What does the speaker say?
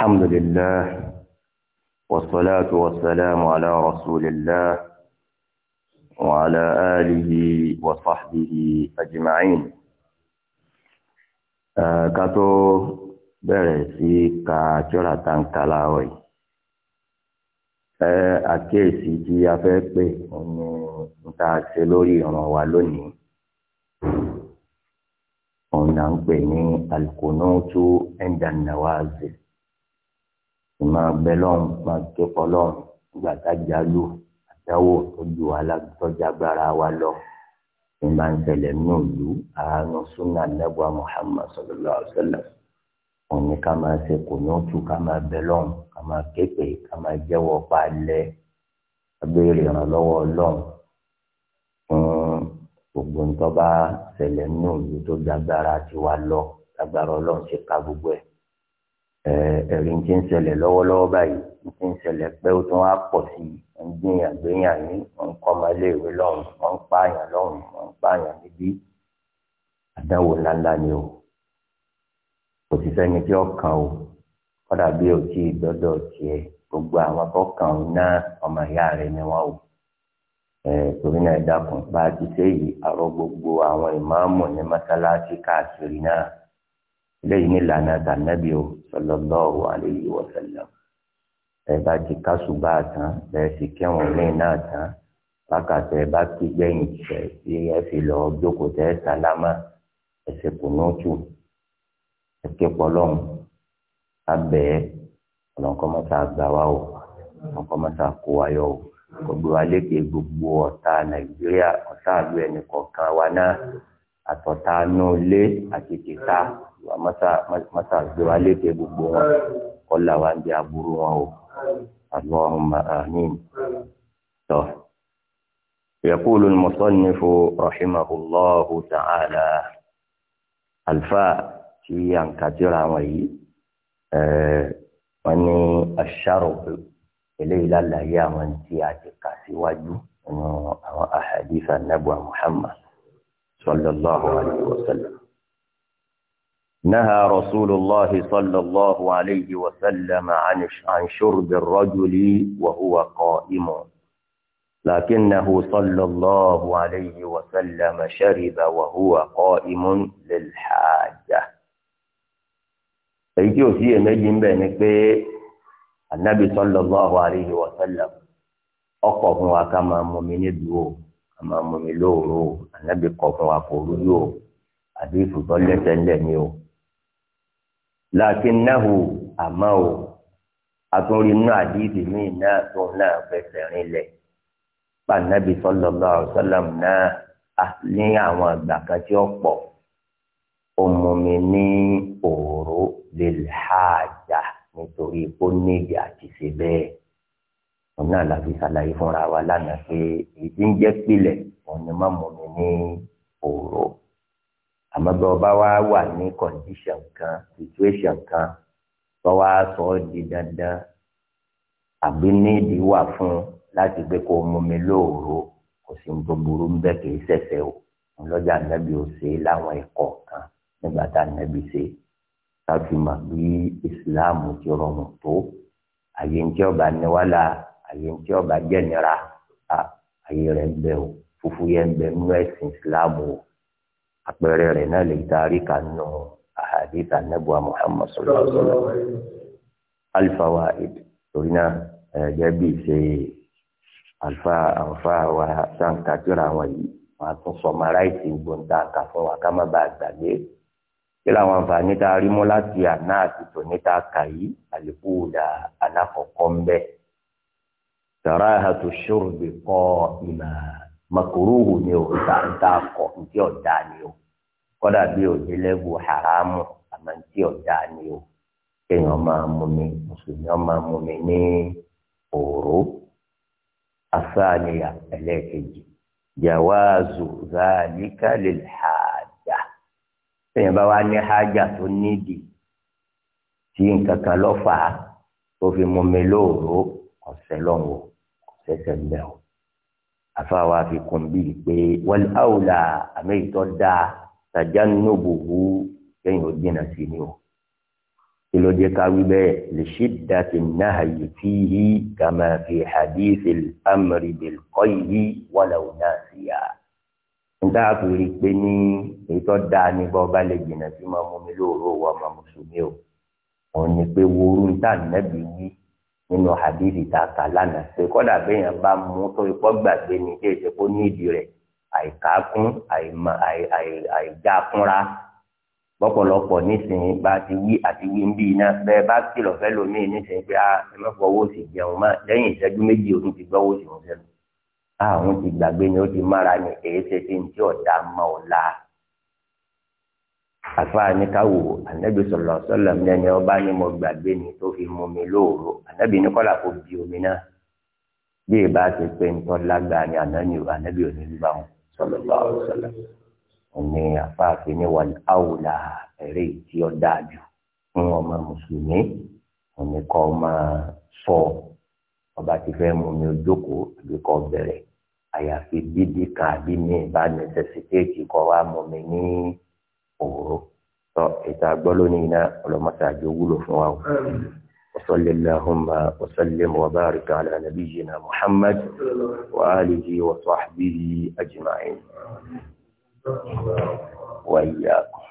الحمد لله والصلاة والسلام على رسول الله وعلى آله وصحبه أجمعين ká tó bẹ̀rẹ̀ sí ka tírà tá ń kà láàárọ̀ yìí ẹ àkíyèsí tí a fẹ́ pè ní níta ṣe lórí ìran wa lónìí òun là ń pè ní alikunutu ẹ̀ńdà nàwáàzì ìmọ̀ abẹ́ lọ́hùn máa ké pọ̀ lọ́hùn nígbà tájà lù àdáwò tó ju alágbèjọba agbára wa lọ ìmọ̀ ìṣẹ̀lẹ̀ náà lù àánú súnà nẹ́bùà Muhammad sallallahu alaihi wasallam òun ni ká máa ṣe kò ní tù ká máa bẹ lọ́hùn ká máa ké pè ká máa jẹ́wọ́ pa lẹ́ abéèrè ìrànlọ́wọ́ lọ́hùn fún gbogbo ntọ́ba ṣẹlẹ̀ náà lù tó ju tiwa lọ agbára ọlọ́run ṣe ka gbogbo ẹ̀ ẹ̀rí ti ń ṣẹlẹ̀ lọ́wọ́lọ́wọ́ báyìí ti ń ṣẹlẹ̀ pé ó tún á pọ̀ sí i ń gbìyàn gbìyàn ní wọ́n ń kọ́ ọmọléèwé lọ́hùn wọ́n ń pààyàn lọ́hùn wọ́n ń pààyàn níbí àdánwò ńláńlá ni o kò sì sẹ́ni tí ó kàn o kọ́dà bí o ti dọ́dọ̀ tiẹ̀ gbogbo àwọn tó kàn ó ná ọmọ ìyá rẹ̀ ni wọ́n o torí náà ẹ dákun bá a ti ṣe yìí àrọ gbogbo àwọn ìmáàmù ní mọ́sálásí káàkiri náà lẹ́yìn ìlànà tànàbí o sallallahu alayhi wa sallam ẹ bá ti kásùbà tán bẹ́ẹ̀ sì kẹwọn lẹ́yìn náà tán bákàtà ẹ bá ti gbẹ̀yìn tẹ bí ẹ fi lọ jókòó tẹ sálámà ẹsẹ kùnúùtù ẹkẹ pọlọrun abẹ ọlọkọmọta àgbà wa o ọlọkọmọta kó wa yọ o gbogbo alẹ́ kẹ gbogbo ọ̀tá nàìjíríà ọ̀tá àlú ẹnì kọ̀ọ̀kan wa náà àtọ̀tánú ilé àti tìta mọ́sá gbéra léde gbogbo wọn kọ́lá wa ń di aburú wọn o Allahumma amin. يقول المصنف رحمه الله تعالى الفاء في كثيرا وي wọn eh, ní aṣáàròpé eléyìí lálàyé àwọn tí a ti kà síwájú nínú àwọn ahadith anabu muhammad صلى الله عليه وسلم نهى رسول الله صلى الله عليه وسلم عن عن شرب الرجل وهو قائم لكنه صلى الله عليه وسلم شرب وهو قائم للحاجة èyí tí ò sí بي النبي صلى الله عليه وسلم sallallahu وكما wa sallam a máa mú mi lóòrò ànábì kọ̀ fún wa kò rú yóò àbí ìfùtọ́ lẹ́sẹ̀ ńlẹ̀ ni o. làákínnáhù àmọ́ o àtúnrí inú àdìsí mi náà tó náà fẹsẹ̀ rinlẹ̀ pàǹdàbí sallallahu alaihi wasallam náà ní àwọn àgbà kan tí ó pọ̀ ó mú ní òòró lil hajj. náà làbí ṣàlàyé fúnra wa lánàá pé èyí ń jẹ́ pilẹ̀ òun ni má mú mi ní òòró àmọ́ bí ọba wa wà ní condition kan situation kan tó wá sọ ọ́ di dandan àbí nídìí wà fún láti pé kó mú mi lóòró kò sí ní tó burú ń bẹ́ kì í ṣẹ̀ṣẹ̀ o lọ́jà nẹ́bí ò ṣe láwọn ẹ̀kọ́ kan nígbà tá nẹ́bí ṣe ká fi mọ̀ bí ìsìláàmù ti rọrùn tó àyè ń jẹ́ ọba níwálà àyè tí ọba jẹ́ a àyè rẹ̀ ń bẹ o fúfú yẹn ń bẹ nínú ẹ̀sìn ìsìláàmù o àpẹẹrẹ rẹ̀ náà lè taari kanu ahadith anabuwa muhammad sallallahu alaihi wa sallam alifawa torí náà ẹ̀ẹ́dẹ́ bíi ṣe alfa alfa wa sanka jọra wọn yìí wọn a tún sọmọ aláìsí gbọǹda kà fún wa ká má bàa gbàgbé kí làwọn àǹfààní tá a rí mú láti àná àti tòní kà yìí àlékún dà alákọ̀ọ́kọ́ ń bẹ́ẹ̀ karahatu shurbi qa'ima makuruhu ni o ta ta kọ ntí ọ̀dà ni o kọ́dà bí òde lẹ́gùn haramu àmọ́ ntí ọ̀dà ni o kéèyàn máa mú mi mùsùlùmí máa mú mi ní òru asáàníyà ẹlẹ́ẹ̀kejì jawaazu zaalika lil kéèyàn bá wá ní haaja tó nídìí tí nǹkan lọ́fà tó fi mú mi lóòró ọ̀sẹ̀ lọ́wọ́ ṣẹ̀ṣẹ̀ ń bẹ̀ ọ́ afáwa fi kún bíi pé wal awla àmẹ́yìítọ́ da tajannubuhu kẹ́yìn ó dínà sí ni o kí ló dé ká wí bẹ́ẹ̀ li shiddati nahyi fihi kama fi hadithil amri bil qayyi walaw nasiya nta àfìrí pé ní ètò dáa ní bọ́ọ̀bá lè jìnnà sí máa mi lóòró wa máa mùsùlùmí o òun ni pé wo orú nẹ́bí wí nínú hadithi tá a kà lánàá pé kọ́dà béèyàn bá mú tó ikọ́ gbàgbé ni kí èsì kó nídìí rẹ̀ àìkákún àìjákunra bọ́pọ̀lọpọ̀ nísìnyí bá ti wí àti wí ń bí iná bẹ́ẹ̀ bá kìlọ̀ fẹ́ lómi nísìnyí pé ẹ má fọwọ́ sí jẹun mọ́ lẹ́yìn ìṣẹ́jú méjì òun ti gbọ́wọ́ sí òun sẹ́nu. àwọn ti gbàgbé ni ó ti mára ní èyí ṣe ti ń tí ọ̀dà mọ́ ọ̀la àfààní káwò ànábì sọlọ sọlọ mi lẹni ọba ni mo gbàgbé ni tó fi mú mi lóòrò ànábì ní kọlà kó bi omi náà bí ìbá ti pé ńtọ́ lágbàá ni ànábì ànábì ò ní gbà wọn sọlọ bá ọ sọlọ òní àfààfin ní ni, àwòlà ẹ̀rí tí ó dáa jù fún ọmọ mùsùlùmí òní kọ́ máa sọ ọba ti fẹ́ mú mi jókòó àbí kọ́ bẹ̀rẹ̀ àyàfi bíbí kan àbí mi ìbá nẹsẹsítéèkì kọ́ wa mú mi ní òwúrọ̀ tọ́ ìta gbọ́ lónìí náà ọlọ́mọṣáájú wúlò fún wa o. وصل اللهم وسلم وبارك على نبينا محمد وآله وصحبه أجمعين وإياكم